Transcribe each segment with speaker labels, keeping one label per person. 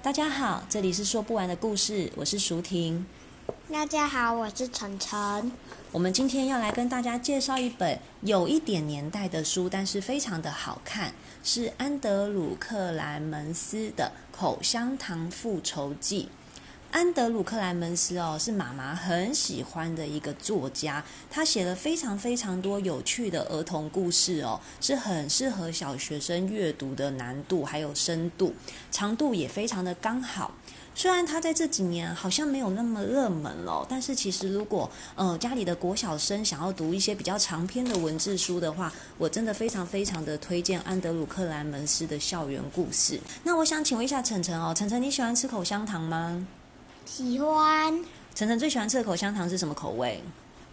Speaker 1: 大家好，這裡是說不完的故事，我是淑婷。大家好，我是澄澄。我們今天要來跟大家介紹一本有一點年代的書，但是非常的好看，是安德魯克萊門斯的《口香糖復仇記》。安德魯克萊門斯哦，是媽媽很喜歡的一個作家，他寫了非常非常多有趣的兒童故事哦，是很適合小學生閱讀的難度還有深度，長度也非常的剛好。雖然他在這幾年好像沒有那麼熱門了，但是其實如果呃家裡的國小生想要讀一些比較長篇的文字書的話，我真的非常非常的推薦安德魯克萊門斯的校園故事。那我想請問一下澄澄哦，澄澄你喜歡吃口香糖嗎？喜歡。澄澄最喜歡吃的口香糖是什麼口味？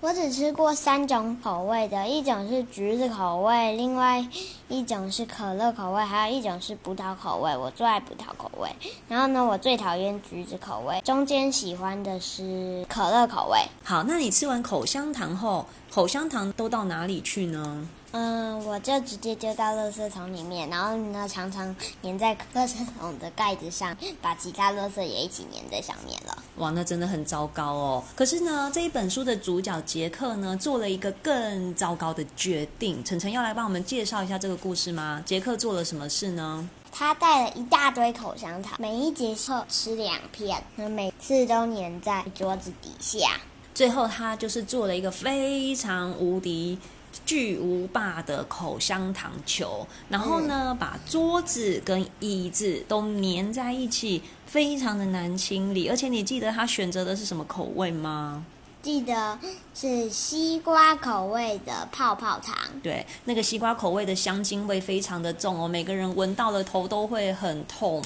Speaker 2: 我只吃過三種口味的，一種是橘子口味，另外一種是可樂口味，還有一種是葡萄口味。我最愛葡萄口味，然後呢，我最討厭橘子口味，中間喜歡的是可樂
Speaker 1: 口味。好，那你吃完口香糖後，口香糖都到哪裡去呢？
Speaker 2: 嗯，我就直接丟到垃圾桶裡面，然後呢，常常粘在垃圾桶的蓋子上，把其他垃圾也一起粘在上面
Speaker 1: 了。哇，那真的很糟糕哦。可是呢，這一本書的主角杰克呢，做了一個更糟糕的決定。澄澄要來幫我們介紹一下這個故事嗎？杰克做了什麼事呢？
Speaker 2: 他帶了一大堆口香糖，每一節課吃兩片，每次都粘在桌子底下。
Speaker 1: 最後，他就是做了一個非常無敵。巨無霸的口香糖球，然後呢，嗯，把桌子跟椅子都粘在一起，非常的難清理。而且你記得他選擇的是什麼口味嗎？
Speaker 2: 記得是西瓜口味的泡泡糖。
Speaker 1: 對，那個西瓜口味的香精味非常的重哦，每個人聞到了頭都會很痛。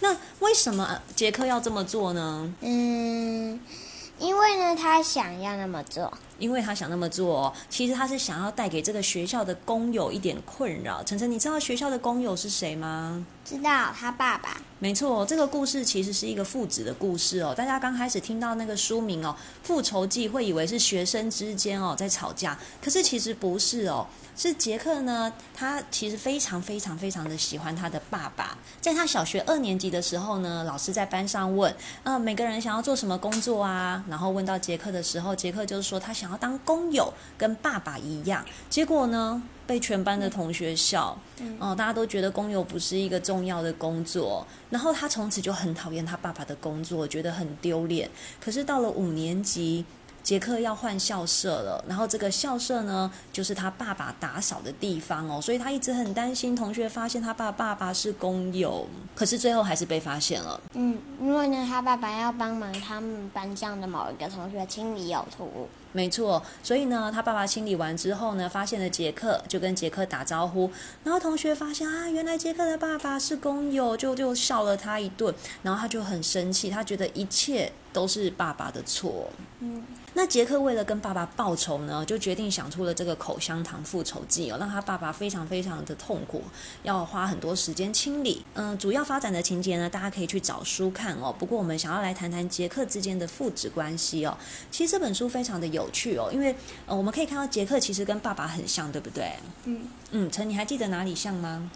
Speaker 1: 那為什麼傑克要這麼做呢？嗯。因為呢，他想要那麼做，因為他想那麼做。其實他是想要帶給這個學校的工友一點困擾。澄澄，你知道學校的工友是誰嗎？知道，他爸爸。沒錯，這個故事其實是一個父子的故事哦。大家剛開始聽到那個書名哦，《復仇計》會以為是學生之間哦在吵架，可是其實不是哦，是杰克呢，他其實非常非常非常的喜歡他的爸爸。在他小學二年級的時候呢，老師在班上問，呃，每個人想要做什麼工作啊？然後問到杰克的時候，杰克就說他想要當工友，跟爸爸一樣。結果呢？被全班的同學笑，嗯，嗯，哦，大家都覺得工友不是一個重要的工作。然後他從此就很討厭他爸爸的工作，覺得很丟臉。可是到了五年級，杰克要換校舍了，然後這個校舍呢，就是他爸爸打掃的地方哦，所以他一直很擔心同學發現他爸爸爸是工友。可是最後還是被發現
Speaker 2: 了。嗯，因為呢，他爸爸要幫忙他們班上的某一個同學清理嘔吐物。
Speaker 1: 沒錯，所以呢，他爸爸清理完之後呢，發現了傑克，就跟傑克打招呼。然後同學發現啊，原來傑克的爸爸是工友，就就笑了他一頓。然後他就很生氣，他覺得一切都是爸爸的錯。嗯，那傑克為了跟爸爸報仇呢，就決定想出了這個口香糖復仇計哦，讓他爸爸非常非常的痛苦，要花很多時間清理。嗯，主要發展的情節呢，大家可以去找書看哦。不過我們想要來談談傑克之間的父子關係哦。其實這本書非常的有。有趣哦，因為呃，我們可以看到傑克其實跟爸爸很像，對不對？嗯嗯，澄、嗯，你還記得哪裡像嗎？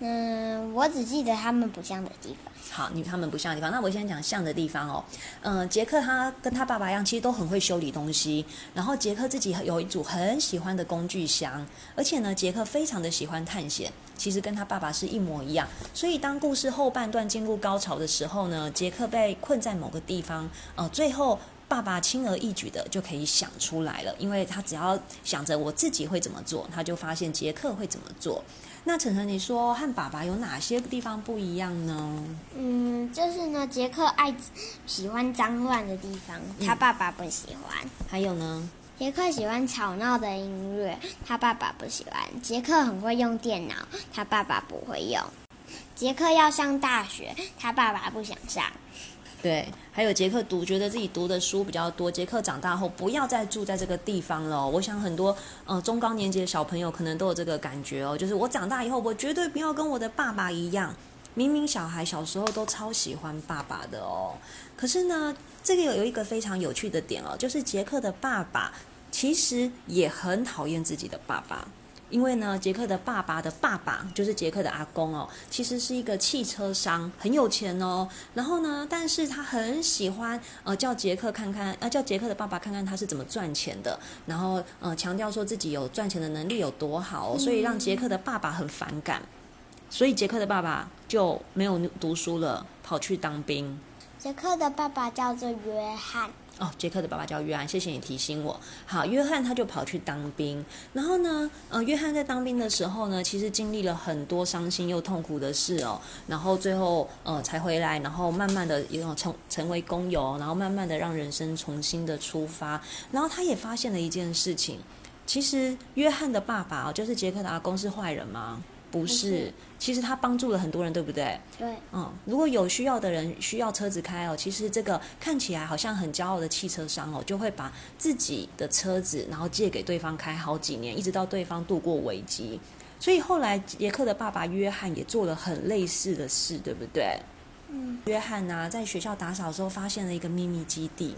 Speaker 1: 嗯，
Speaker 2: 我只記得他們不像的地方。
Speaker 1: 好，你他們不像的地方。那我先講像的地方哦。嗯、呃，傑克他跟他爸爸一樣，其實都很會修理東西。然後傑克自己有一組很喜歡的工具箱，而且呢，傑克非常的喜歡探險，其實跟他爸爸是一模一樣。所以當故事後半段進入高潮的時候呢，傑克被困在某個地方，呃，最後。爸爸輕而易舉的就可以想出來了，因為他只要想着我自己會怎麼做，他就發現傑克會怎麼做。那澄澄，你說和爸爸有哪些地方不一樣呢？嗯，
Speaker 2: 就是呢，傑克愛喜歡髒亂的地方，他爸爸不喜歡。嗯，還有呢，傑克喜歡吵鬧的音樂，他爸爸不喜歡。傑克很會用電腦，他爸爸不會用。傑克要上大學，他爸爸不想上。
Speaker 1: 對，還有杰克讀，覺得自己讀的書比較多。杰克長大後不要再住在這個地方了哦。我想很多呃中高年級的小朋友可能都有這個感覺哦，就是我長大以後，我絕對不要跟我的爸爸一樣。明明小孩小時候都超喜歡爸爸的哦，可是呢，這個有有一個非常有趣的點哦，就是杰克的爸爸其實也很討厭自己的爸爸。因為呢，傑克的爸爸的爸爸就是傑克的阿公哦，其實是一個汽車商，很有錢哦。然後呢，但是他很喜歡呃，叫傑克看看，啊，呃，叫傑克的爸爸看看他是怎麼賺錢的。然後呃，強調說自己有賺錢的能力有多好哦，所以讓傑克的爸爸很反感。嗯。所以傑克的爸爸就沒有讀書了，跑去當兵。
Speaker 2: 傑克的爸爸叫做約翰。
Speaker 1: 哦，傑克的爸爸叫約翰，謝謝你提醒我。好，約翰他就跑去當兵，然後呢，嗯、呃，約翰在當兵的時候呢，其實經歷了很多傷心又痛苦的事哦，然後最後呃才回來，然後慢慢的又從、呃、成、成為工友，然後慢慢的讓人生重新的出發，然後他也發現了一件事情，其實約翰的爸爸哦，就是傑克的阿公是壞人嗎？不是，其實他幫助了很多人，對不對？對，嗯，如果有需要的人需要車子開哦，其實這個看起來好像很驕傲的汽車商哦，就會把自己的車子然後借給對方開好幾年，一直到對方度過危機。所以後來傑克的爸爸約翰也做了很類似的事，對不對？嗯，約翰呢、啊，在學校打掃的時候發現了一個秘密基地。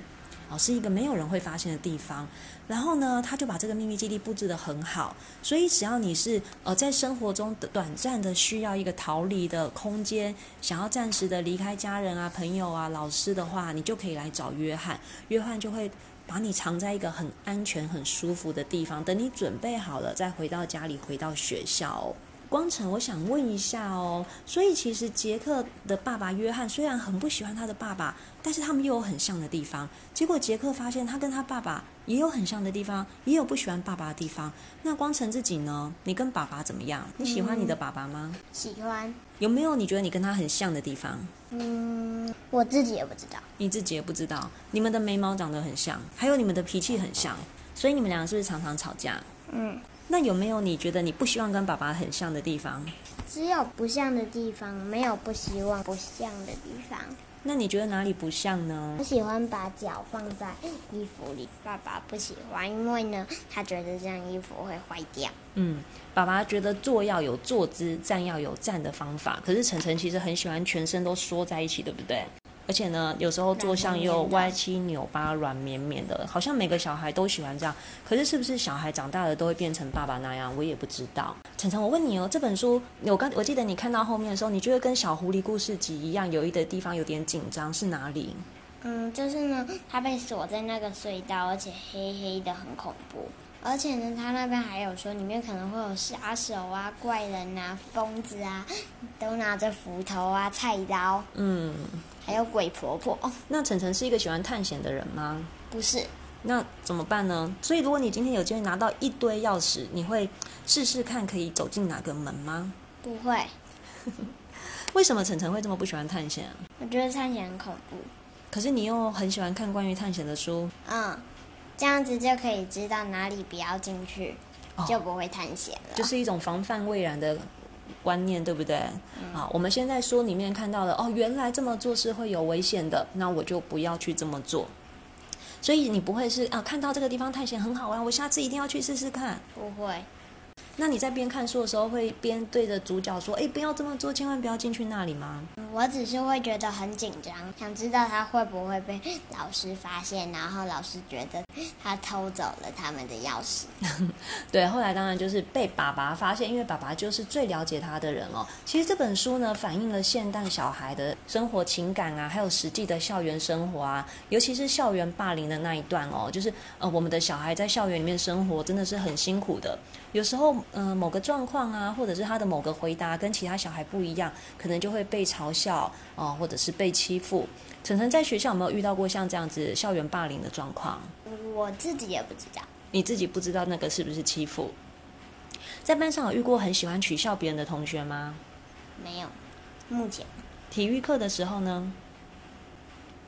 Speaker 1: 哦，是一個沒有人會發現的地方。然後呢，他就把這個秘密基地布置得很好，所以只要你是呃在生活中的短暫的需要一個逃離的空間，想要暫時的離開家人啊、朋友啊、老師的話，你就可以來找約翰，約翰就會把你藏在一個很安全、很舒服的地方，等你準備好了再回到家裡、回到學校，哦。光成，我想問一下哦，所以其實傑克的爸爸約翰雖然很不喜歡他的爸爸，但是他們又有很像的地方。結果傑克發現他跟他爸爸也有很像的地方，也有不喜歡爸爸的地方。那光成自己呢？你跟爸爸怎麼樣？你喜歡你的爸爸嗎？嗯，
Speaker 2: 喜歡。
Speaker 1: 有沒有你覺得你跟他很像的地方？
Speaker 2: 嗯，我自己也不知道。
Speaker 1: 你自己也不知道？你們的眉毛長得很像，還有你們的脾氣很像，所以你們兩個是不是常常吵架？嗯。那有沒有你覺得你不希望跟爸爸很像的地方？
Speaker 2: 只有不像的地方，沒有不希望不像的地方。
Speaker 1: 那你覺得哪裡不像呢？我喜
Speaker 2: 歡把腳放在衣服裡，爸爸不喜歡，因為呢，他覺得這樣衣服會壞掉。嗯，
Speaker 1: 爸爸覺得坐要有坐姿，站要有站的方法。可是澄澄其實很喜歡全身都縮在一起，對不對？而且呢，有時候坐相又歪七扭八、軟綿綿的，好像每個小孩都喜歡這樣。可是是不是小孩長大了都會變成爸爸那樣，我也不知道。澄澄，我問你哦，這本書，我剛我記得你看到後面的時候，你覺得跟《小狐狸故事集》一樣，有一個地方有點緊張，是哪裡？嗯，
Speaker 2: 就是呢，他被鎖在那個隧道，而且黑黑的，很恐怖。而且呢，他那邊還有說，裡面可能會有殺手啊、怪人啊、瘋子啊，都拿着斧頭啊、菜刀，嗯，
Speaker 1: 還有鬼婆婆。哦，那澄澄是一個喜歡探險的人嗎？不是。那怎麼辦呢？所以，如果你今天有機會拿到一堆鑰匙，你會試試看可以走進哪個門嗎？
Speaker 2: 不會。
Speaker 1: 為什麼澄澄會這麼不喜歡探險啊？
Speaker 2: 我覺得探險很恐怖。
Speaker 1: 可是你又很喜歡看關於探險的書，
Speaker 2: 嗯。這樣子就可以知道哪裡不要進去，哦，就不會探險了。就
Speaker 1: 是一種防範未然的觀念，對不對？好，嗯，啊，我們現在書裡面看到的，哦，原來這麼做是會有危險的，那我就不要去這麼做。所以你不會是啊，看到這個地方探險很好玩，啊，我下次一定要去試試看。不會。那你在邊看書的時候，會邊對着主角說：“哎，不要這麼做，千萬不要進去那裡嗎？”
Speaker 2: 我只是會覺得很緊張，想知道他會不會被老師發現，然後老師覺得他偷走了他們的鑰匙。
Speaker 1: 對，後來當然就是被爸爸發現，因為爸爸就是最了解他的人哦。其實這本書呢，反映了現代小孩的生活情感啊，還有實際的校園生活啊，尤其是校園霸凌的那一段哦，就是呃，我們的小孩在校園裡面生活真的是很辛苦的，有時候。嗯，某個狀況啊，或者是他的某個回答跟其他小孩不一樣，可能就會被嘲笑哦、呃，或者是被欺負。澄澄在學校有沒有遇到過像這樣子校園霸凌的狀況？
Speaker 2: 我自己也不知道。
Speaker 1: 你自己不知道那個是不是欺負？
Speaker 2: 在
Speaker 1: 班上有遇過很喜歡取笑別人的同學嗎？
Speaker 2: 沒有，目前。
Speaker 1: 體育課的時候呢？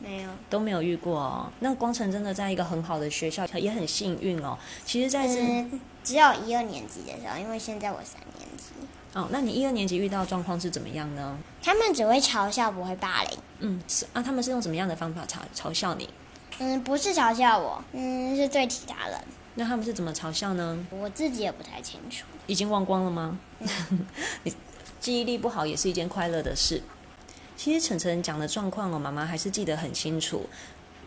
Speaker 1: 沒有，都沒有遇過哦。那光晨真的在一個很好的學校，也很幸運哦。其實在這，在、嗯、
Speaker 2: 只有一二年級的時候，因為現在我三年級。
Speaker 1: 哦，那你一二年級遇到狀況是怎麼樣呢？
Speaker 2: 他們只會嘲笑，
Speaker 1: 不會霸凌。嗯，是啊，他們是用什麼樣的方法嘲嘲笑你？嗯，
Speaker 2: 不是嘲笑我，
Speaker 1: 嗯，是對其他人。那他們是怎麼嘲笑呢？我自己也不太清楚。已經忘光了嗎？嗯、 你記憶力不好也是一件快樂的事。其實澄澄講的狀況，我媽媽還是記得很清楚。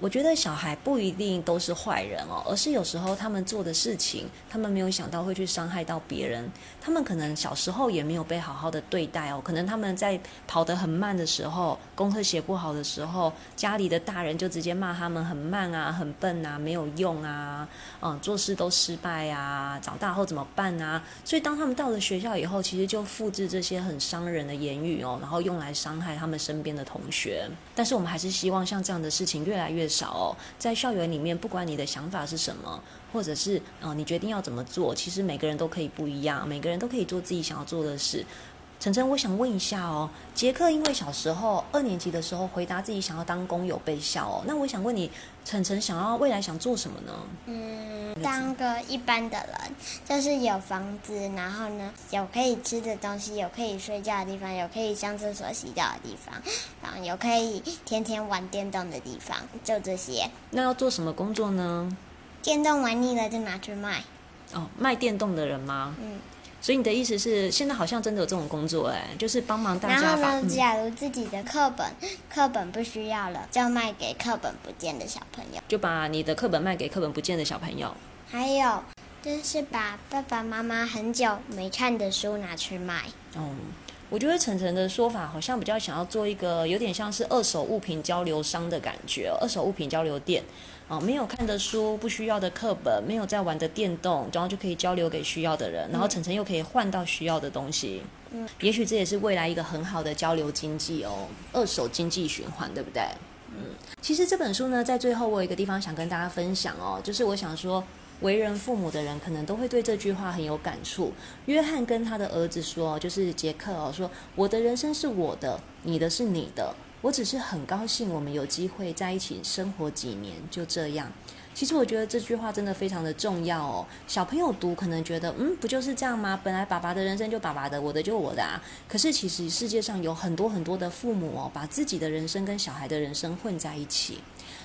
Speaker 1: 我覺得小孩不一定都是壞人哦，而是有時候他們做的事情，他們沒有想到會去傷害到別人。他們可能小時候也沒有被好好的對待哦，可能他們在跑得很慢的時候，功課寫不好的時候，家裡的大人就直接罵他們很慢啊、很笨啊、沒有用啊、嗯，做事都失敗啊，長大後怎麼辦啊？所以當他們到了學校以後，其實就複製這些很傷人的言語哦，然後用來傷害他們身邊的同學。但是我們還是希望像這樣的事情越來越少哦，在校園裡面，不管你的想法是什麼，或者是呃，你決定要怎麼做，其實每個人都可以不一樣，每個人都可以做自己想要做的事。澄澄，澄澄我想問一下哦，傑克因為小時候二年級的時候回答自己想要當工友，被笑哦，那我想問你，澄澄想要未來想做什麼呢？嗯，
Speaker 2: 當個一般的人，就是有房子，然後呢，有可以吃的東西，有可以睡覺的地方，有可以上廁所洗澡的地方，然後有可以天天玩電動的地方，就這些。那要做什麼工作呢？電動玩膩了就拿去賣。哦，賣電動的人嗎？嗯。
Speaker 1: 所以你的意思是，現在好像真的有這種工作，誒，就是幫忙大家把。然後呢，假
Speaker 2: 如自己的課本課本不需要了，就賣給課本不見的小朋友。
Speaker 1: 就把你的課本賣給課本不見的小朋友。
Speaker 2: 還有，就是把爸爸媽媽很久沒看的書拿去賣。
Speaker 1: 哦。我覺得澄澄的說法好像比較想要做一個有點像是二手物品交流商的感覺，哦，二手物品交流店，啊、哦，沒有看的書，不需要的課本，沒有在玩的電動，然後就可以交流給需要的人，然後澄澄又可以換到需要的東西。嗯，也許這也是未來一個很好的交流經濟哦，二手經濟循環，對不對？嗯，其實這本書呢，在最後我有一個地方想跟大家分享哦，就是我想說。為人父母的人，可能都會對這句話很有感觸。約翰跟他的兒子說，就是杰克哦，說我的人生是我的，你的是你的，我只是很高興我們有機會在一起生活幾年，就這樣。其實我覺得這句話真的非常的重要哦。小朋友讀可能覺得，嗯，不就是這樣嗎？本來爸爸的人生就爸爸的，我的就我的啊。可是其實世界上有很多很多的父母哦，把自己的人生跟小孩的人生混在一起。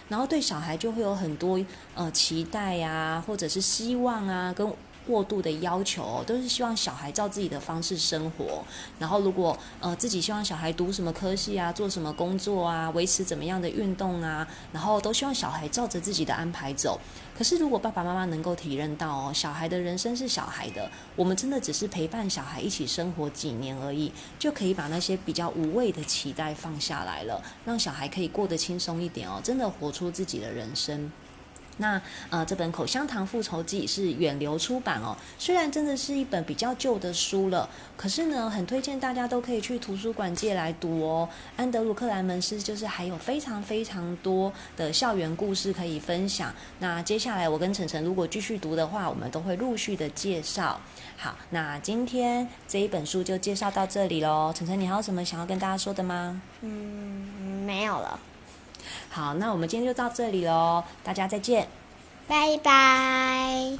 Speaker 1: 然後對小孩就會有很多呃期待呀，、啊，或者是希望啊，跟過度的要求哦，都是希望小孩照自己的方式生活。然後，如果呃自己希望小孩讀什麼科系啊，做什麼工作啊，維持怎麼樣的運動啊，然後都希望小孩照着自己的安排走。可是，如果爸爸媽媽能夠體認到哦，小孩的人生是小孩的，我們真的只是陪伴小孩一起生活幾年而已，就可以把那些比較無謂的期待放下來了，讓小孩可以過得輕鬆一點哦，真的活出自己的人生。那呃，這本《口香糖復仇計》是遠流出版哦。雖然真的是一本比較舊的書了，可是呢，很推薦大家都可以去圖書館借來讀哦。安德魯克萊門斯就是還有非常非常多的校園故事可以分享。那接下來我跟澄澄如果繼續讀的話，我們都會陸續的介紹。好，那今天這一本書就介紹到這裡嘍。澄澄，你還有什麼想要跟大家說的嗎？嗯，沒有了。好，那我們今天就到這裡嘍，大家再見，
Speaker 2: 拜拜。